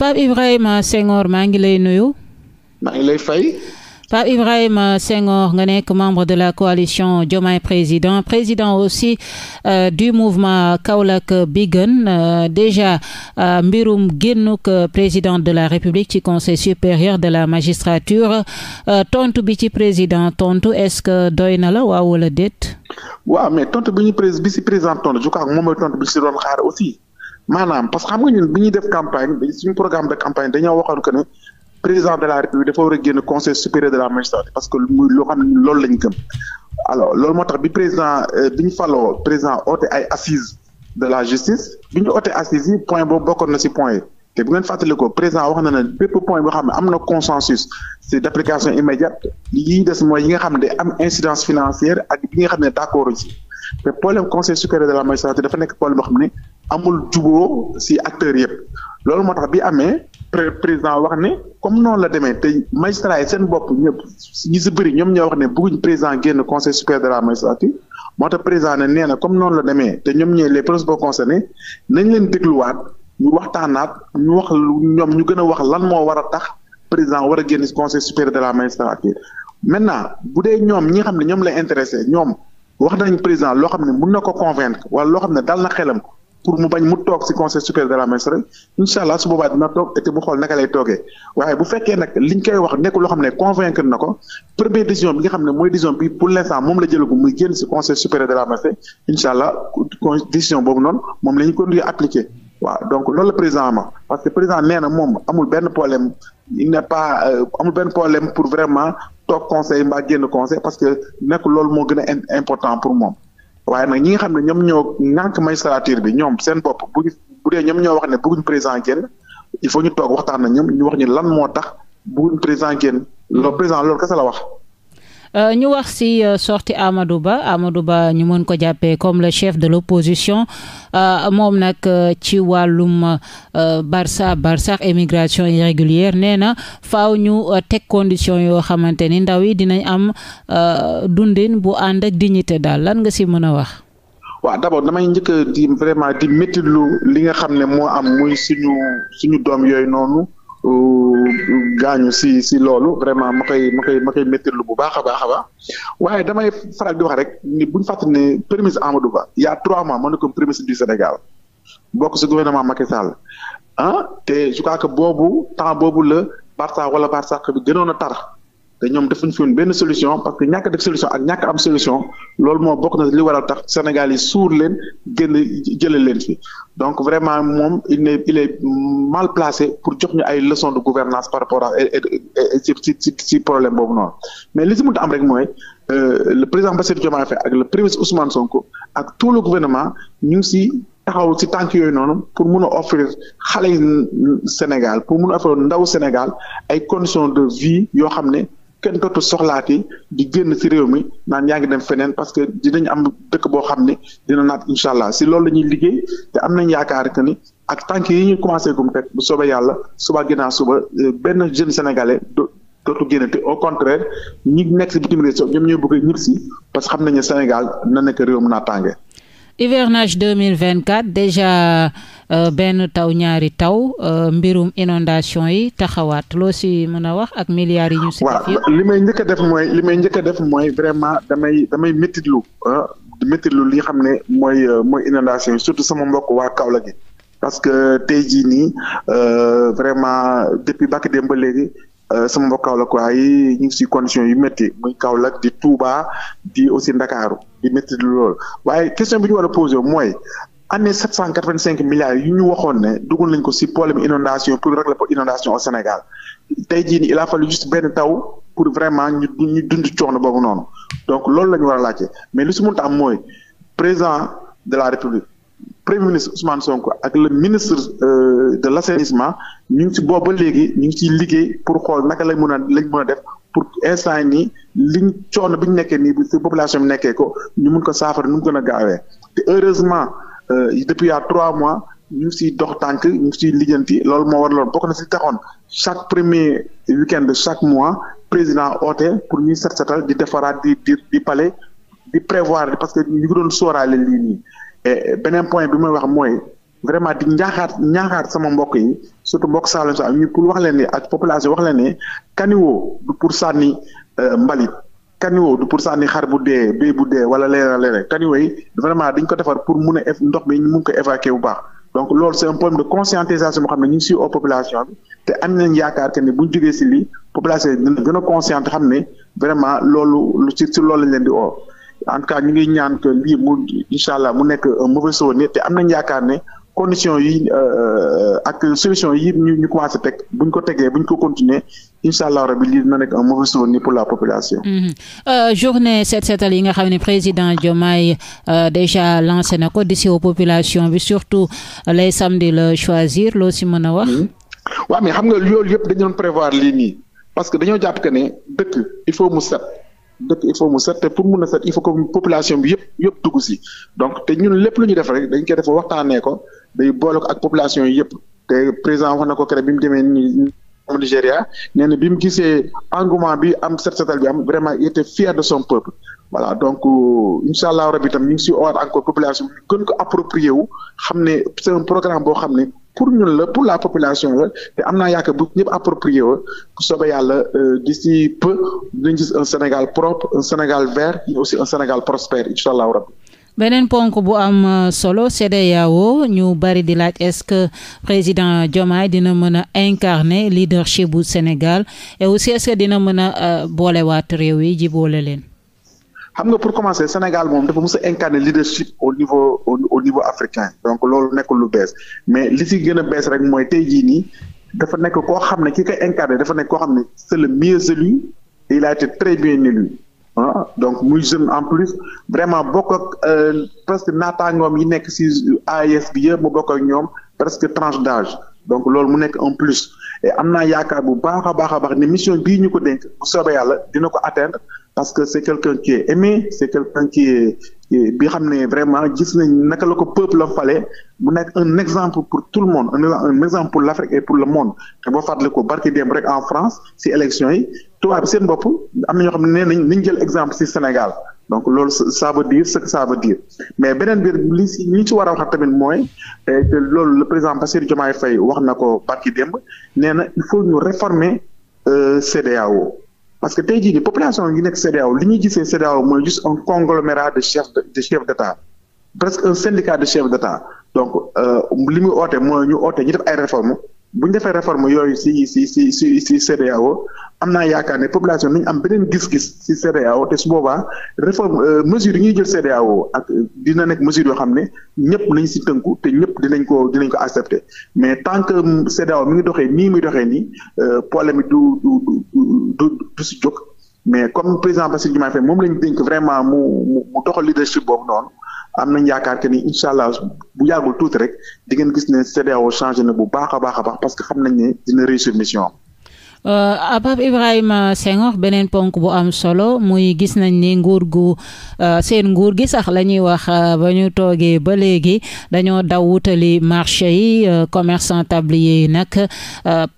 Pape Ibrahima Senghor maa ngi lay nuyu. maa ngi lay fay. Pape Ibrahima Senghor nga nekk membre de la coalition Diomaye président président aussi euh, du mouvement Kaolack bi gën euh, déjà euh, mbirum génnuk président de la République ci conseil supérieur de la magistrature euh, tontu bi ci président tontu est-ce que doy na la waaw wala mais tontu bi président tontu je crois moom mooy tontu bi aussi. maanaam parce que xam nga ñun bu ñuy def campagne suñu programme de campagne dañoo waxoon que ne président de la république dafa war a conseil supérieur de la magistrature parce que moo tax bi président euh, ñu faloo président oote ay assises de la ñu oote assises yi point boobu bokkoon na ci point yi te bu ngeen fàttalikoo président wax na ne am na consensus c'est d'application immédiate yi des mooy yi nga xam ne am incidence financière ak bi nga xam ne d'accord ci te problème conseil supérieur de la magistrature dafa nekk problème boo xam ne amul juboo si acteurs yëpp loolu moo tax bi amee président wax ne comme noonu la demee te magistrat seen bopp ñëpp ñi si bëri ñoom ñoo wax ne bëgguñ président génn conseil supérieur la magistrature moo tax président ne nee na comme noonu la demee te ñoom ñooy les principaux concernés nañ leen dégluwaat ñu waxtaanaat ñu wax ñoom ñu gën a wax lan moo war a tax président wara génn conseil supérieur de la magistrature maintenant bu dee ñoom ñi nga xam ne ñoom lay intéressé ñoom wax nañ président loo xam ne mun na ko convaincre wala loo xam ne dal na xelam pour mu bañ mu toog ci conseil supérieur de la magistrature incha allah su boobaa dina toog te mu xool naka lay toogee waaye bu fekkee nag liñ koy wax nekkul loo xam ne convaincre na ko première décision bi nga xam ne mooy décision bi pour l'instant moom la jëlagu muy génn la magistrature boobu noonu moom la ko di appliquer waaw donc loolu la président ama parce que président nee na moom amul benn problème il pas euh, amul benn problème pour vraiment toog conseil mbaa génn conseil parce que nekk loolu moo gën a pour moom waaye nag ñi nga xam ne ñoom ñoo nànk magistrature bi ñoom seen bopp bu bu dee ñoom ñoo wax ne bëgguñ président génn il faut ñu toog waxtaan na ñoom ñu wax ñu lan moo tax bëgguñ président génn loolu président loolu kese la wax Euh, ñu wax si euh, sorti Amadou Ba Amadou Ba ñu mën ko jàppee comme la chef de l'opposition euh, moom nag ci wàllum Barça Barsax émigration irrégulière nee na faaw ñu teg condition yoo xamante ni ndaw yi dinañ am dundin bu ànd ak dignité daal lan nga si mën a wax. waaw d'abord damay njëkk di vraiment lu li nga xam ne moo am muy suñu suñu doom yooyu noonu. gaañu si si loolu vraiment ma koy ma koy ma koy méttirlu bu baax a baax a baax waaye damay faral di wax rek ni bu ñu fàttali ne premier ministre Amadou Ba y' a trois mois ma ne ko premier ministre du Sénégal bokk si gouvernement Macky Sall ah te je crois que boobu temps boobu la Barça wala Barça bi gënoon a tar. te ñoom defuñu fi benn solution parce que ñàkk def solution ak ñàkk am solution loolu moo bokk na li waral tax Sénégal yi suur leen génn jële leen fi donc vraiment moom il est mal placé pour jox ñu ay leçons de gouvernance par rapport à ci ci ci problème boobu noonu mais li si mënta am rek mooy euh, le président Bassirou Diomaye Faye ak le premier ministre Ousmane Sonko ak tout le gouvernement ñu ngi si taxaw si tànk yooyu noonu pour mun a offrir xale yi Sénégal pour mun a offrir ndaw Sénégal ay conditions de vie yoo xam ne. kenn dootu soxlaati di génn si réew mi naan yaa ngi dem feneen parce que dinañ am dëkk boo xam ne dina naat incha allah si loolu la ñuy liggéey te am nañ yaakaar que ni a tànk yi ñuy commencé gum teg bu soobee yàlla suba ginaa suba euh, benn jeune sénégalais dootu génn te au contraire ñi nekk ci bitim réew ñoom ñooy bëgg a ñibbisi parce que xam nañ ne Sénégal na nekk réewum naataange. hivernage 2024 déjà euh, benn taw ñaari taw euh, mbirum inondation yi taxawaat loo si mën a wax ak milliards yi ñu si def yëpp may njëkk a def mooy li may njëkk a def mooy vraiment damay damay métitlu ah, métitlu li xam ne mooy euh, mooy inondation yi surtout sama mbokk waa Kaolack gi parce que tey jii nii vraiment depuis bàkk démb ba léegi Euh, sama mbokk Kaolack waaye ñu ngi si condition yu métti muy Kaolack di Touba di aussi Ndakaaru di métti di lool waaye question bi ñu war a posé mooy année sept cent quatre vingt cinq milliards yi ñu waxoon ne dugal nañ ko si problème inondation pour régler pour inondation au Sénégal tey jii nii il a fallu juste benn taw pour vraiment ñu ñu dund coono boobu noonu donc loolu la ñu war a laajte mais li su mun tax mooy président de la République premier ministre Ousmane Sonko ak le ministre euh, de l' assainissement ñu ngi ci boobu ba léegi ñu ngi ciy liggéey pour xool naka lañ mun a lañ mën def pour instant nii liñ coono bi ñu nekkee nii si population bi nekkee ko ñu mun ko saafara nu mu gën a gaawee te heureusement euh, depuis y trois mois ñu ngi siy dox tànk ñu ngi siy lijjanti loolu moo waraloon bokk na si taxoon chaque premier week-end chaque mois président oote pour ñuy set setal di defaraat di di di prévoir parce que ñu ngi doon sóoraale lii beneen point bi may wax mooy vraiment di ñaaxaat sama mbokk yi surtout mbokk Saalum Saalum ñu pour wax leen ne ak population wax leen ne kaniwoo du pour sànni euh, mbalit kaniwoo du pour sànni xar bu dee béy bu dee wala leneen leneen kaniwoo yi vraiment dañ ko defar pour mun a ndox mi ñu mun ko évacuer bu baax donc loolu c'est un problème de conscientisation xam ne ñu ngi si o population bi te am nañ yaakaar que ne bu ñu jógee si lii population yi dina gën a consciente xam ne vraiment loolu lu si si loolu lañ leen di oo en tout cas ñu ngi ñaan que lii mu incha allah mu nekk un mauvais souvenir te am nañ yaakaar ne conditions yi euh, euh, ak solution yi ñu ñu commencé teg bu ñu ko tegee bu ñu ko continuer incha allah rabi lii dina nekk un mauvais souvenir pour la population. Mm-hmm. Euh, journée set setal yi nga xam ne président Diomaye déjà lancé na ko d'ici aux population bi surtout les samedis le choisir loo si mën a wax. waaw mm-hmm. mais xam nga loolu yëpp dañu doon prévoir lii nii parce que dañoo dëkk il faut mu set te pour mun a set il faut que population bi yëpp yëpp dugg si donc te ñun lépp lu ñu def rek dañ koy def waxtaanee ko day boole ko ak population yi yëpp te président wax ko keroog bi mu demee nii Nigéria nee na bi mu gisee engouement bi am set setal bi am vraiment il était fier de son peuple voilà donc euh, incha allah rabi tam ñu ngi si owaat encore population bi gën ko approprié wu xam ne c'est un programme boo xam ne pour ñun la pour la population la te am naa yaakaar bu ñëpp approprié woo bu soobee yàlla euh, d'ici peu dinañ gis un Sénégal propre un Sénégal vert mais aussi un Sénégal prospère incha allahu beneen ponk bu am euh, solo CEDEAO ñu bari di laaj est-ce que président Diomaye dina mën a incarner leadership bu Sénégal et aussi est dina mën a euh, boolewaat réew yi ji leen xam nga pour commencer Sénégal moom dafa mës a incarner leadership au niveau au, au niveau africain donc loolu nekkul lu bees mais li si gën a bees rek mooy tey jii nii dafa nekk koo xam ne ki koy incarner dafa nekk koo xam ne c'est le mieux élu et il a très bien élu ah donc muy jeune en plus vraiment bokk ak euh, presque naataangoom yi nekk si AES bi yëpp mu bokk ak ñoom presque tranche d'âge donc loolu mu nekk en plus am naa yaakaar bu baax a baax a baax ne mission bii ñu ko dénk bu soobee dina ko atteindre parce que c'est quelqu'un qui est aimé bi xam ne vraiment gis nañ naka la ko peuple a fale mu nekk un exemple pour tout le monde un exemple pour l'Afrique et pour le monde te boo fàttali ko barki démb rek en France si élection yi tubaab seen bopp am na ñoo xam ne nee nañ nañ jël exemple si Sénégal donc loolu ça veut dire ce que ça mais beneen biir li si li ci war a wax a tamit mooy lool eh, loolu le président Bassirou Diomaye Faye wax na ko barki démb nee na il faut ñu réformer euh, CEDEAO parce que tey jii nii population yi nekk CEDEAO li ñuy gisee CEDEAO mooy juste un conglomérat de chef de chef d' état presque un syndicat de chef d' état donc euh, li muy oote mooy ñu oote ñu def ay réformes bu ñu defee réforme yooyu si si si si si CEDEAO am naa yaakaar ne population nañu am beneen gis-gis ci CEDEAO te su boobaa réforme euh, mesure yi ñuy jël CEDEAO ak dina nekk mesure yoo xam ne ñëpp nañ ci tënku te ñëpp dinañ ko dinañ ko accepté mais tant que CEDEAO mi ngi doxee nii muy doxee nii euh, problème du du du du mais comme président Bassirou Diomaye Faye moom lañ dénk vraiment mu mu mu doxal leadership boobu noonu am nañ yaakaar que ni incha allah bu yàggul tuuti rek di ngeen gis ne CEDEAO changé na bu baax a baax a baax parce que xam nañ ne dina réussir mission Pape euh, Ibrahima Senghor beneen ponk bu am solo muy gis nañ ni nguur gu euh, seen nguur gi sax la ñuy wax euh, ba ñu toogee ba léegi dañoo daw wutali marché yi commerçant tablier yi nag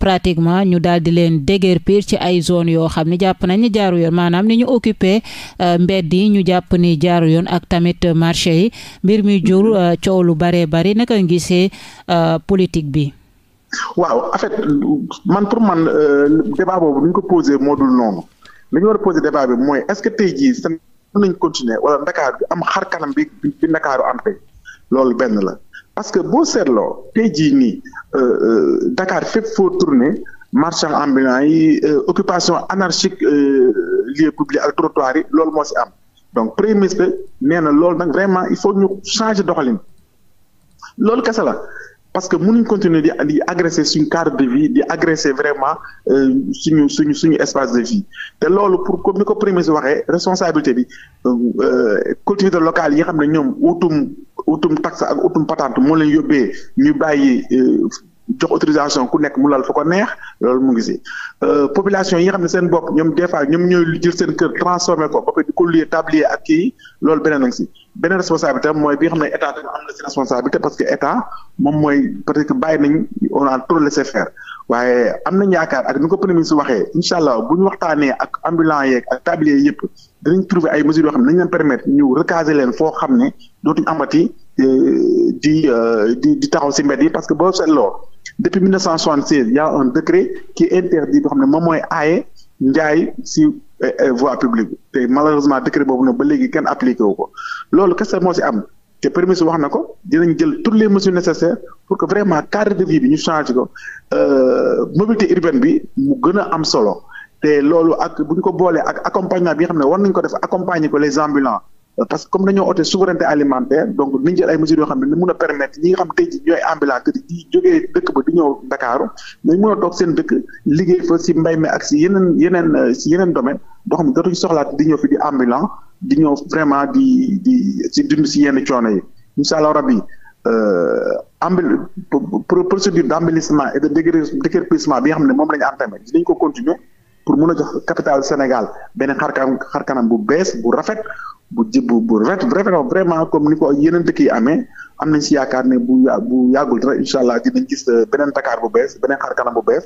pratiquement ñu daal di leen déguerpir ci ay zone yoo xam ne jàpp nañ ni jaaru yoon maanaam ni ñu occupé mbedd yi ñu jàpp ni jaaru yoon ak tamit marché yi mbir mi jur coow lu bare bari naka gisee politique bi. waaw en fait man pour man euh, débat boobu ni ñu ko posé moo noonu li ñu war a posé débat bi mooy est-ce que tey jii seen nañ continuer wala Dakar bi am xar kanam bi Ndakaaru am tey loolu benn la parce que boo seetloo tey jii nii euh, euh, Dakar fépp foo tourné marchand ambulant yi occupation anarchique lieu public a trottoir yi loolu moo si am donc premier ministre nee na loolu nag vraiment il faut ñu changer doxalin loolu kese la. parce que mënuñ continuer di di agresser suñu cadre de vie di agresser vraiment euh, suñu suñu suñu espace de vie te loolu pour comme ni ko premier si waxee responsabilité bi euh, euh, collectivités locale yi xam ne ñoom utum utum taxe ak utum patente moo leen yóbbee ñu bàyyi. jox autorisation ku nekk mu laal fa ko neex lool mu ngi si euh, population yi nga xam ne seen bopp ñoom des fois ñoom ñooy jël seen kër transformé ko ba pare di ko luyee tablier ak kii loolu beneen nag si beneen responsabilité mooy bi nga xam ne état dafa am na si responsabilité parce que état moom mooy peut-être que bàyyi nañ on a trop laissé am nañ yaakaar ak ko premier ministre waxee incha allah bu waxtaanee ak ambulant yeeg ak yëpp dinañ trouver ay mesures yoo xam ne nañ leen permettre ñu recaser leen foo xam ne dootuñ amati euh, di euh, di di taxaw si mbedd yi parce que boo seetloo depuis 1976 il y a un décret qui interdit boo xam ne moom mooy aaye njaay si eh, eh, voie publique te malheureusement décret boobu nag ba léegi kenn appliqué wu ko loolu kese moo si am te permis wax na ko dinañ jël tout les mesures nécessaires pour que vraiment cadre de vie bi ñu changé ko euh, mobilité urbaine bi mu gën a am solo te loolu ak bu ñu ko boolee ak accompagnement bi nga xam ne war nañ ko def accompagner ko les ambulants parce que comme dañoo oote souveraineté alimentaire donc nañ jël ay mesures yoo xam ne ni mun a permettre ñi xam tey ñooy ambulant que di jógee dëkk ba di ñëw Ndakaaru nañ mun a toog seen dëkk liggéey fa si mbay mi ak si yeneen yeneen yeneen domaine doo xam ne dootuñu soxlaat di ñëw fi di ambulant di ñëw vraiment di di si dund si yenn coono yi incha allah rabbi euh, ambili procédure d' embellissement et de déguerpissement bi nga xam ne moom la ñu entamé dinañ ko continuer pour mun a jox capital Sénégal beneen xarkan xarkanam bu bees bu rafet bu ji bu bu rafet vraiment comme ni ko yeneen dëkk yi amee am nañ si yaakaar ne bu bu yàggul dara incha allah dinañ gis euh, beneen Dakar bu bees beneen xarkanam bu bees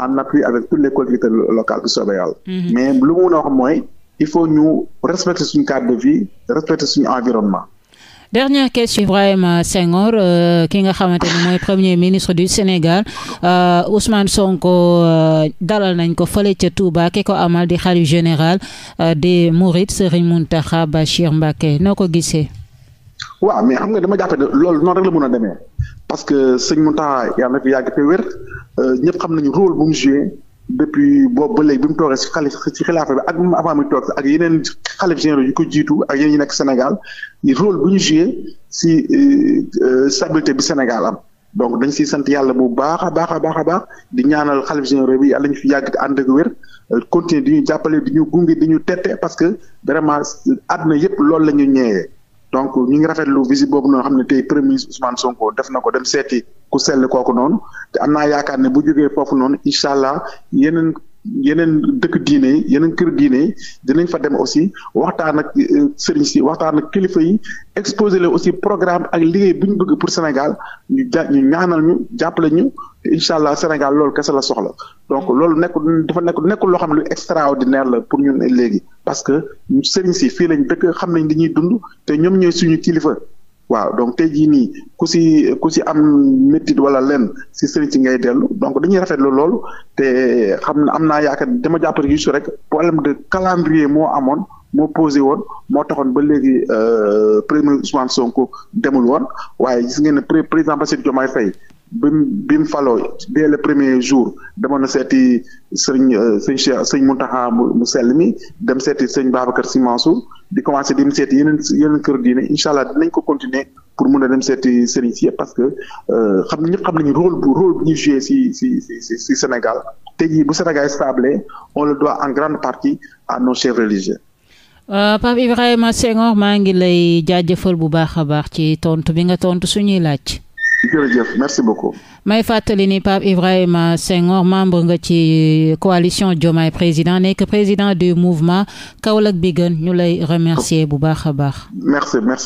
en appui avec toutes les collectivités locales bu soobee mm-hmm. mais lu mu a wax mooy il faut ñu respecter suñu cadre de respecter suñu environnement. dernière question Ibrahima Senghor euh, ki nga xamante ni mooy premier ministre du Sénégal euh, Ousmane Sonko euh, dalal nañ ko fële ca Touba ki ko amal di xalif général des Mourides Serigne Mountakha Bachir Mbacké noo ko gisee. waaw mais xam nga dama jàppe ne noonu rek la mën a demee parce que sëñ Mountakha yàlla na fi yàgg te wér ñëpp xam nañu rôle bu mu depuis boobu ba léegi bi mu toogee si xale si xilaafa bi ak avant mi toog ak yeneen xalif généraux yu ko jiitu ak yeneen yi nekk Sénégal rôle bu ñu joué si euh, stabilité bi Sénégal am donc dañ siy sant yàlla bu baax a baax a baax a baax di ñaanal xalif généraux bi yàlla ñu fi yàgg te ànd ak wér euh, continuer di ñu jàppale di ñu gunge di ñu tette parce que vraiment àdduna yëpp loolu la ñu ñëwee donc ñu ngi rafetlu visite boobu noonu xam ne tey premier ministre Ousmane Sonko def na ko dem seeti ku sell kooku noonu te am naa yaakaar ne bu jógee foofu noonu incha allah yeneen yeneen dëkk diine yeneen kër diine dinañ fa dem aussi waxtaan ak euh, sëriñ si waxtaan ak kilifa yi exposé leen aussi programme ak liggéey bu ñu bëgg pour Sénégal ñu ja ñu ñaanal ñu jàppale ñu incha allah Sénégal lool kese la soxla donc mm-hmm. loolu nekkul dafa nekk nekkul loo xam ne lu extraordinaire la pour ñun léegi parce que sëriñ si fii lañ dëkk xam nañ di ñuy dund te ñoom ñooy suñu kilifa. waaw donc tey jii nii ku si ku si am métit wala lenn si sëriñ si ngay dellu donc dañuy rafetlu lool te xam na am naa yaakaar dama jàpp rek juste rek problème de calendrier moo amoon moo posé woon moo taxoon ba léegi euh, premier Ousmane Sonko demul woon waaye gis ngeen ne président Bassirou Diomaye Faye bi mu bi mu faloo dès le premier jour demoon na seeti sëriñ euh, sëñ Cheikh sëñ Mountakha mu sell mi dem seeti sëñ Babacar Sy su di commencé di dem seeti yeneen yeneen kër diine incha allah dinañ ko continuer pour mun a dem seeti sëriñ si parce que euh, xam ñëpp xam nañu rôle bu rôle bu ñuy joué si si si si Sénégal te jii bu Sénégal stable on le doit en grande partie à nos chefs religieux. Euh, Pape Ibrahima Senghor maa ngi lay jaajëfal bu baax a baax ci tontu bi nga tontu suñuy laaj. jërëjëf merci may fàttali ni Pape Ibrahima Senghor membre nga ci euh, coalition Diomaye président nekk président du mouvement Kaolack bi gën ñu lay remercier bu baax a baax.